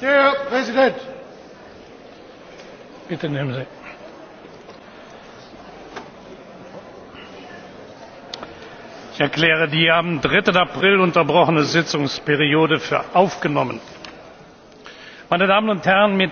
Herr Präsident! Bitte nehmen Sie. Ich erkläre die am 3. April unterbrochene Sitzungsperiode für aufgenommen. Meine Damen und Herren, mit